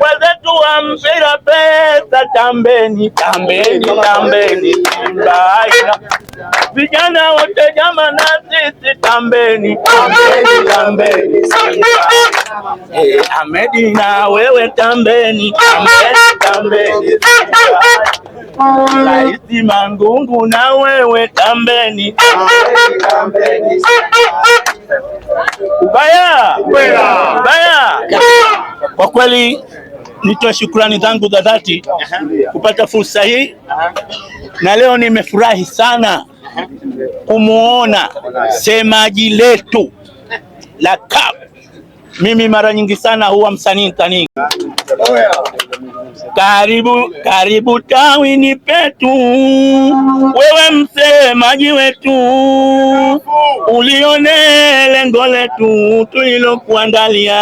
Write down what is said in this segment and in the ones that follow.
Wenzetu wa mpira pesa, tambeni tambeni tambeni Simba vijana wote jama na sisi tambeni tambeni tambeni Simba. Ahmedi na wewe tambeni tambeni tambeni Raisi Mangungu na wewe tambeni tambeni tambeni kweli nitoe shukrani zangu za dhati kupata fursa hii, na leo nimefurahi sana kumwona semaji letu la CAF. Mimi mara nyingi sana huwa msanii msanii, karibu karibu tawini petu, wewe msemaji wetu, ulione lengo letu tulilokuandalia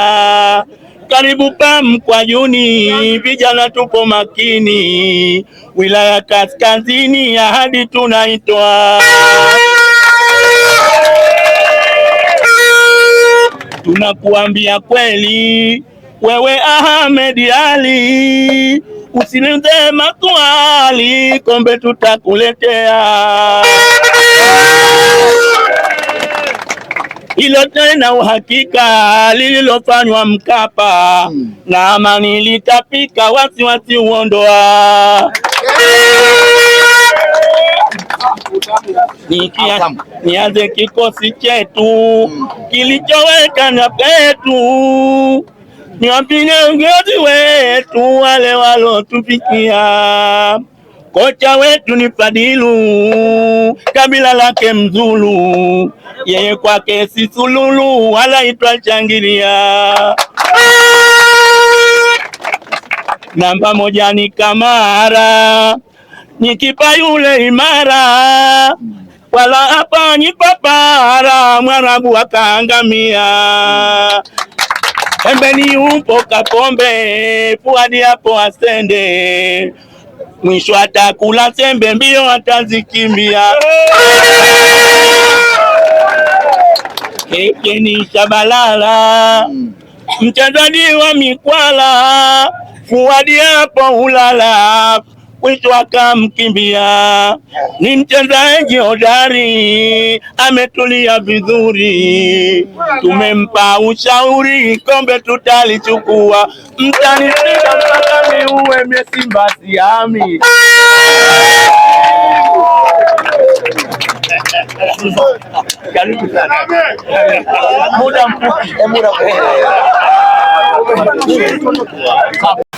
karibu PAM kwa Juni, vijana tupo makini, wilaya kaskazini ahadi tunaitwa tunakuambia kweli, wewe Ahmed Ali, usiniuze maswali, kombe tutakuletea hilo tena uhakika lililofanywa Mkapa mm. na amani litapika, wasiwasi uondoa nianze kikosi chetu mm. kilichoweka na petu niwapige ugozi wetu wale walotufikia Kocha wetu ni Fadilu, kabila lake Mzulu, yeye kwake si sululu, wala itwa shangilia. Namba moja ni Kamara, nikipa yule imara, wala hapa ni papara, mwarabu akaangamia. Pembeni yupo Kapombe, Fuadi hapo asende mwisho atakula sembe, mbio atazikimbia. ni shabalala, mchezaji wa mikwala, Fuadi hapo ulala kwetu akamkimbia. Ni mchezaji hodari, ametulia vizuri, tumempa ushauri, kombe tutalichukua. Mtanishinda mpaka niuwe mie Simba siami. Muda mfupi. Eh,